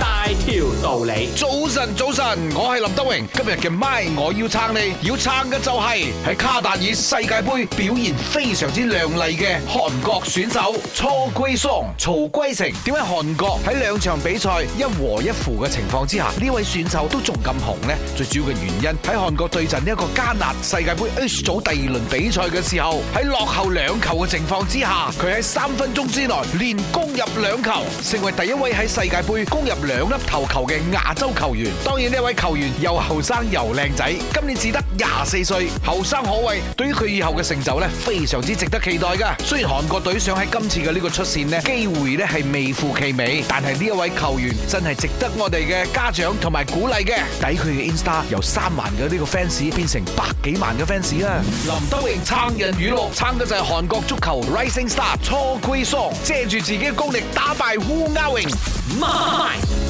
大條道理，早晨早晨，我係林德榮，今日嘅麥我要撐你，要撐嘅就係喺卡達爾世界杯表現非常之亮麗嘅韓國選手初歸松、曹圭成。點解韓國喺兩場比賽一和一負嘅情況之下，呢位選手都仲咁紅呢？最主要嘅原因喺韓國對陣呢一個加納世界杯 H 組第二輪比賽嘅時候，喺落後兩球嘅情況之下，佢喺三分鐘之內連攻入兩球，成為第一位喺世界杯攻入。兩粒頭球嘅亞洲球員，當然，呢位球員又後生又靚仔，今年只得廿四歲，後生可畏。對於佢以後嘅成就呢，非常之值得期待噶。雖然韓國隊想喺今次嘅呢個出線呢，機會呢係微乎其微，但係呢一位球員真係值得我哋嘅嘉獎同埋鼓勵嘅。睇佢嘅 insta 由三萬嘅呢個 fans 變成百幾萬嘅 fans 啊。林德榮撐人娛樂撐嘅就係韓國足球 rising star 曹圭成，借住自己嘅功力打敗烏鴉影。